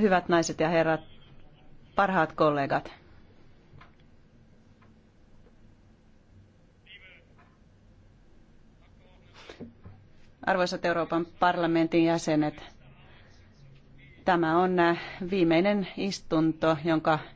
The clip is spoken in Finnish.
Hyvät naiset ja herrat, parhaat kollegat. Arvoisat Euroopan parlamentin jäsenet, tämä on viimeinen istunto, jonka